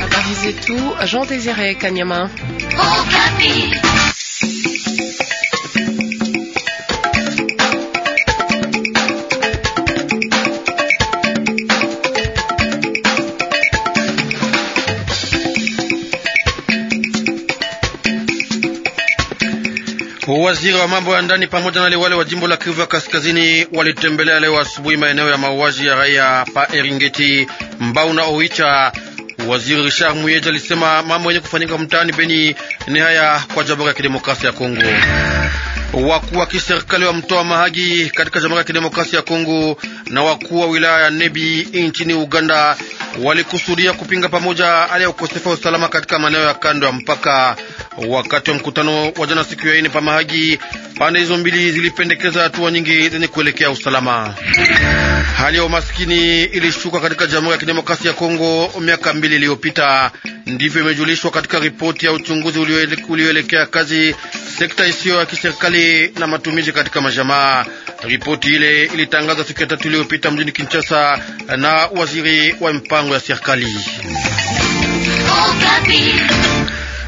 Habari zetu Jean Désiré Kanyama. Okapi. Waziri wa mambo ya ndani pamoja na liwali wa jimbo la Kivu ya Kaskazini walitembelea leo asubuhi maeneo ya mauaji ya raia pa Eringeti, Mbau na Oicha. Waziri Richard Muyeja alisema mambo yenye kufanyika mtaani Beni ni haya kwa Jamhuri ya Kidemokrasia ya Kongo. Wakuu wa kiserikali wa mtoa Mahagi katika Jamhuri ya Kidemokrasia ya Kongo na wakuu wa wilaya ya Nebi nchini Uganda walikusudia kupinga pamoja hali ya ukosefu wa usalama katika maeneo ya kando ya mpaka wakati wa mkutano wa jana siku ya ine pa Mahagi Pande hizo mbili zilipendekeza hatua nyingi zenye kuelekea usalama. Hali ya umaskini ilishuka katika Jamhuri ya Kidemokrasia ya Kongo miaka mbili iliyopita, ndivyo imejulishwa katika ripoti ya uchunguzi ulioelekea kazi sekta isiyo ya kiserikali na matumizi katika majamaa. Ripoti ile ilitangazwa siku ya tatu iliyopita mjini Kinshasa na waziri wa mpango ya serikali.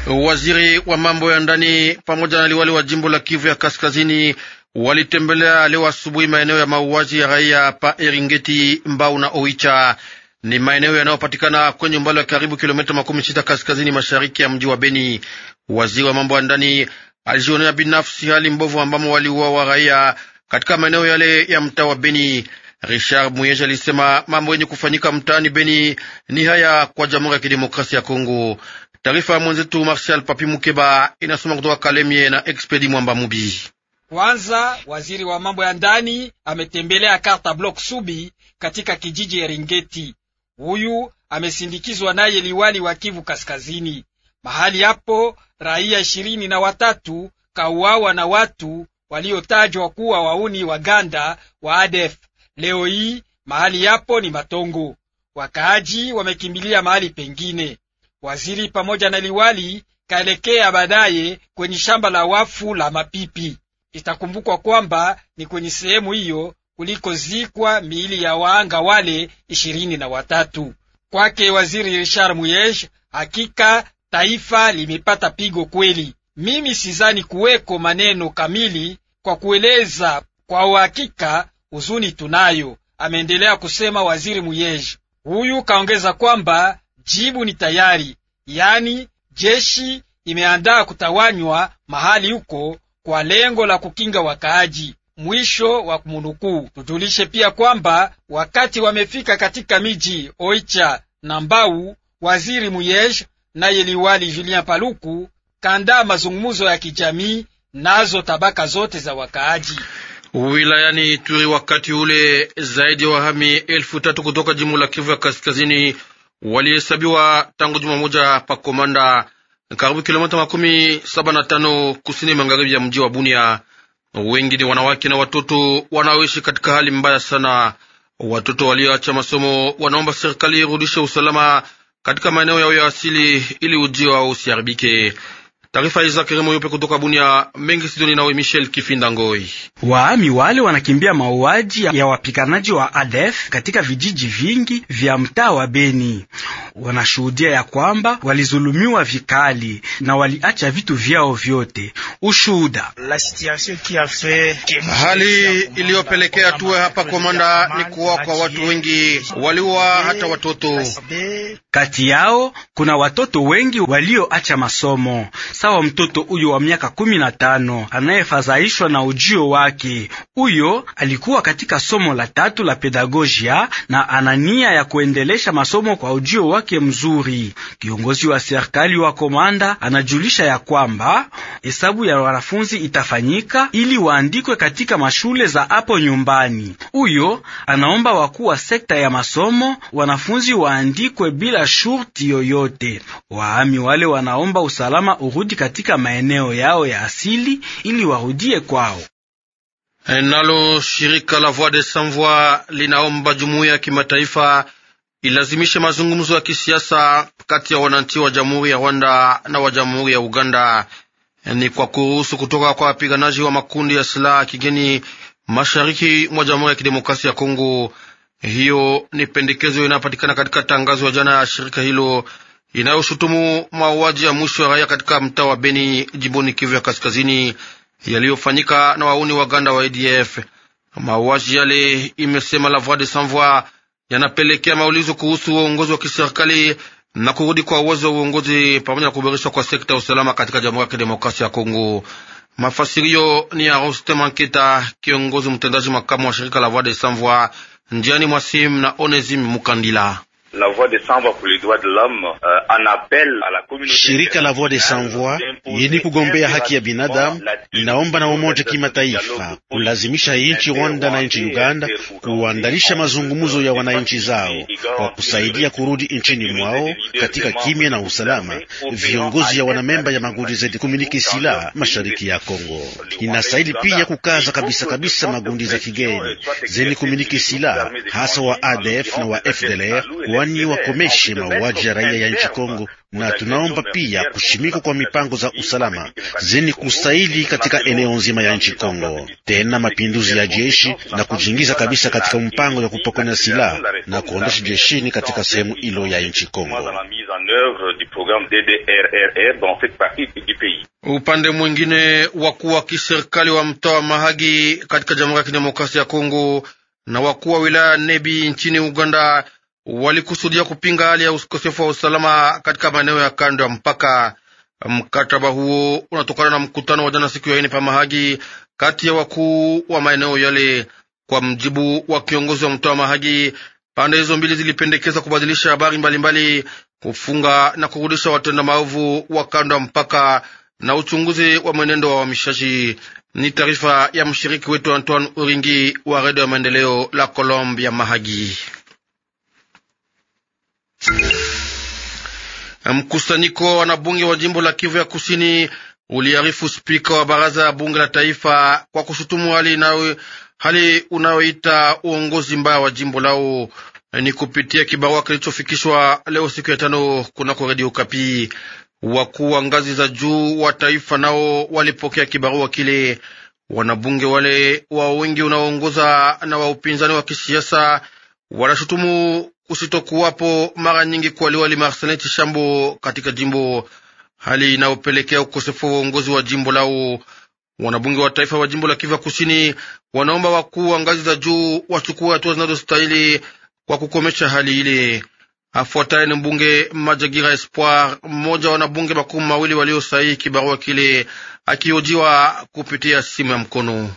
Waziri wa mambo ya ndani pamoja na liwali wa jimbo la Kivu ya Kaskazini walitembelea leo asubuhi maeneo ya mauaji ya raia pa Eringeti, Mbau na Oicha. Ni maeneo yanayopatikana kwenye umbali wa karibu kilomita makumi sita kaskazini mashariki ya mji wa Beni. Waziri wa mambo ya ndani alijionea binafsi hali mbovu ambamo waliuawa raia katika maeneo yale ya mtaa wa Beni. Richard Muyeje alisema mambo yenye kufanyika mtaani Beni ni haya kwa Jamhuri ya Kidemokrasia ya Kongo. Taarifa ya mwenzetu Marshal Papi Mukeba inasoma kutoka Kalemie na Expedi Mwamba Mubi. Kwanza waziri wa mambo ya ndani ametembelea Karta Block Subi katika kijiji Eringeti. Huyu amesindikizwa naye liwali wa Kivu Kaskazini. Mahali hapo raia ishirini na watatu kauawa na watu waliotajwa kuwa wauni Waganda wa ADF. Leo hii mahali hapo ni matongo, wakaaji wamekimbilia mahali pengine. Waziri pamoja na liwali kaelekea baadaye kwenye shamba la wafu la Mapipi. Itakumbukwa kwamba ni kwenye sehemu hiyo kulikozikwa miili ya waanga wale ishirini na watatu. Kwake waziri Richard Muyege, hakika taifa limepata pigo kweli. Mimi sizani kuweko maneno kamili kwa kueleza kwa uhakika huzuni tunayo, ameendelea kusema waziri Muyege. Huyu kaongeza kwamba Jibu ni tayari, yani jeshi imeandaa kutawanywa mahali huko kwa lengo la kukinga wakaaji. Mwisho wa kumunukuu Tujulishe pia kwamba wakati wamefika katika miji Oicha na Mbau, waziri Muyeje naye liwali Julien Paluku kandaa mazungumzo ya kijamii nazo tabaka zote za wakaaji wilayani Ituri. Wakati ule zaidi ya wahami elfu tatu kutoka jimbo la Kivu ya kaskazini walihesabiwa tangu juma moja pa Komanda, karibu kilomita makumi saba na tano kusini magharibi ya mji wa Bunia. Wengi ni wanawake na watoto wanaoishi katika hali mbaya sana. Watoto walioacha masomo wanaomba serikali irudishe usalama katika maeneo yao ya asili ili ujio wao usiharibike. Taarifa hizi za Kirimo Yope kutoka Bunia, mengi sidoni nawe Michel Kifinda Ngoi. Waami wale wanakimbia mauaji ya wapiganaji wa ADF katika vijiji vingi vya mtaa wa Beni wanashuhudia ya kwamba walizulumiwa vikali na waliacha vitu vyao vyote. Ushuhuda hali iliyopelekea tuwe hapa Komanda ni kuwa kwa watu wengi waliwa hata watoto kati yao kuna watoto wengi walioacha masomo, sawa mtoto huyo wa miaka kumi na tano anayefadhaishwa na ujio wake. Huyo alikuwa katika somo la tatu la pedagojia na ana nia ya kuendelesha masomo kwa ujio wake wake mzuri. Kiongozi wa serikali wa Komanda anajulisha ya kwamba hesabu ya wanafunzi itafanyika ili waandikwe katika mashule za hapo nyumbani. Huyo anaomba wakuu wa sekta ya masomo wanafunzi waandikwe bila shurti yoyote. waami wale wanaomba usalama urudi katika maeneo yao ya asili ili warudie kwao. Nalo shirika la Voix des Sans Voix linaomba jumuiya ya kimataifa ilazimishe mazungumzo ya kisiasa kati ya wananchi wa jamhuri ya Rwanda na wa jamhuri ya Uganda ni kwa kuruhusu kutoka kwa wapiganaji wa makundi ya silaha kigeni mashariki mwa jamhuri ya kidemokrasia ya Kongo. Hiyo ni pendekezo inayopatikana katika tangazo ya jana ya shirika hilo inayoshutumu mauaji ya mwisho ya raia katika mtaa wa Beni jimboni Kivu ya kaskazini yaliyofanyika na wauni waganda wa ADF. Mauaji yale, imesema La Voix des Sans Voix, yanapelekea maulizo kuhusu uongozi wa kiserikali na kurudi kwa uwezo wa uongozi pamoja na kuboreshwa kwa sekta ya usalama katika Jamhuri ya Kidemokrasia ya Kongo. Mafasirio ni ya Rostem Anketa, kiongozi mtendaji makamu wa shirika la Voix des Sans Voix, njiani mwasim na Onesime Mukandila. La Voix des Sans Voix pour les droits de l'homme, euh, en appel à la communauté. Shirika la Voix des Sans Voix yenye kugombea haki ya binadamu linaomba na umoja kimataifa kulazimisha nchi Rwanda na nchi Uganda kuandalisha mazungumzo ya wananchi zao kwa kusaidia kurudi nchini mwao katika kimya na usalama viongozi ya wanamemba ya magundi zedi kumiliki silaha mashariki ya Kongo. Inastahili pia kukaza kabisa kabisa magundi za kigeni zenye kumiliki silaha hasa wa ADF na wa FDLR kwani wakomeshe mauaji ya raia ya nchi Kongo, na tunaomba pia kushimika kwa mipango za usalama zenye kustahili katika eneo nzima ya nchi Kongo, tena mapinduzi ya jeshi na kujiingiza kabisa katika mpango ya kupokonya silaha na kuondosha jeshini katika sehemu hilo ya nchi Kongo. Upande mwingine, wakuu wa kiserikali wa mtaa wa Mahagi katika Jamhuri ya Kidemokrasia ya Kongo na wakuu wa wilaya Nebi nchini Uganda walikusudia kupinga hali ya ukosefu wa usalama katika maeneo ya kando ya mpaka. Mkataba huo unatokana na mkutano wa jana siku ya ine pamahagi kati ya wakuu wa maeneo yale. Kwa mjibu wa kiongozi wa mtoa Mahagi, pande hizo mbili zilipendekeza kubadilisha habari mbalimbali, kufunga na kurudisha watenda maovu wa kando ya mpaka na uchunguzi wa mwenendo wa wamishashi Ni taarifa ya mshiriki wetu Antoine Uringi wa redio ya maendeleo la Colombia Mahagi. Mkusanyiko wa wanabunge wa jimbo la Kivu ya Kusini uliarifu spika wa baraza ya bunge la taifa kwa kushutumu hali, hali unayoita uongozi mbaya wa jimbo lao. Ni kupitia kibarua kilichofikishwa leo siku ya tano kunako redio Kapi. Wakuu wa ngazi za juu wa taifa nao walipokea kibarua kile. Wanabunge wale wa wengi unaoongoza na wa upinzani wa kisiasa wanashutumu kusitokuwapo mara nyingi kualiwa limarseneti shambo katika jimbo, hali inayopelekea ukosefu wa uongozi wa jimbo lao. Wanabunge wa taifa wa jimbo la Kivu Kusini wanaomba wakuu wa ngazi za juu wachukue hatua zinazostahili kwa kukomesha hali ile. Afuataye ni mbunge Majagira Espoir, mmoja wa wanabunge makumi mawili waliosahihi kibarua kile, akiojiwa kupitia simu ya mkono.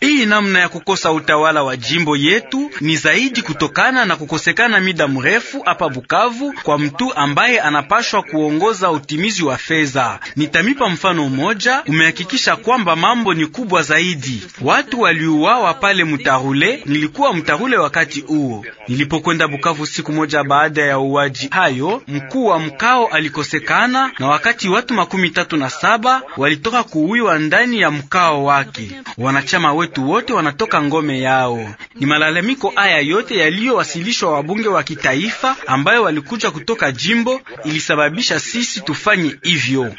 Hii namna ya kukosa utawala wa jimbo yetu ni zaidi kutokana na kukosekana mida mrefu hapa Bukavu kwa mtu ambaye anapashwa kuongoza utimizi wa fedha. Nitamipa mfano mmoja umehakikisha kwamba mambo ni kubwa zaidi. Watu waliuawa pale mutarule nilikuwa Mtarule wakati huo. Nilipokwenda Bukavu siku moja baada ya uwaji hayo, mkuu wa mkao alikosekana na wakati watu makumi tatu na saba walitoka kuuiwa ndani ya mkao wake. Wanachama wetu wote wanatoka ngome yao. Ni malalamiko haya yote yaliyowasilishwa wabunge wa kitaifa ambayo walikuja kutoka jimbo, ilisababisha sisi tufanye hivyo.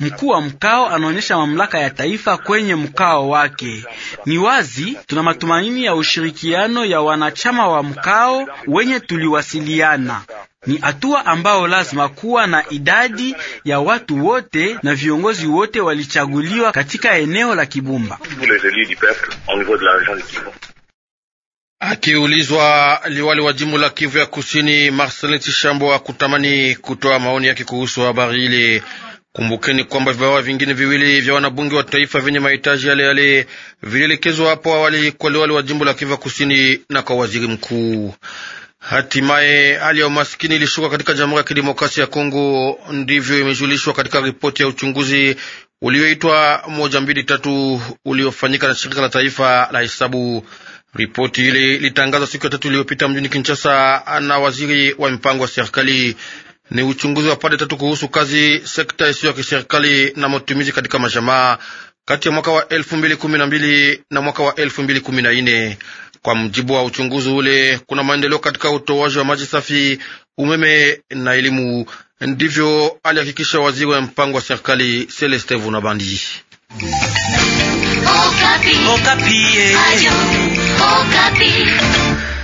Mkuu wa mkao anaonyesha mamlaka ya taifa kwenye mkao wake. Ni wazi tuna matumaini ya ushirikiano ya wanachama wa mkao wenye tuliwasiliana. Ni hatua ambao lazima kuwa na idadi ya watu wote na viongozi wote walichaguliwa katika eneo la Kibumba. Akiulizwa, liwali wa jimbo la Kivu ya Kusini Marcelin Chishambo akutamani kutoa maoni yake kuhusu habari ile. Kumbukeni kwamba vibawa vingine viwili vya wanabunge wa taifa vyenye mahitaji yale yale vilielekezwa hapo awali kwa liwali wa jimbo la Kivu ya Kusini na kwa waziri mkuu. Hatimaye hali ya umaskini ilishuka katika Jamhuri ya Kidemokrasia ya Kongo, ndivyo imejulishwa katika ripoti ya uchunguzi ulioitwa moja mbili tatu uliofanyika na shirika la taifa la hesabu. Ripoti ile ilitangazwa siku ya tatu iliyopita mjini Kinshasa na waziri wa mipango ya serikali. Ni uchunguzi wa pande tatu kuhusu kazi, sekta isiyo ya kiserikali na matumizi katika mashamaa kati ya mwaka wa elfu mbili kumi na mbili na mwaka wa elfu mbili kumi na nne. Kwa mjibu wa uchunguzi ule, kuna maendeleo katika utoaji wa maji safi, umeme na elimu. Ndivyo alihakikisha waziri wa mpango wa serikali Celeste Vunabandi. Okapi. Oh, Okapi. Oh, eh.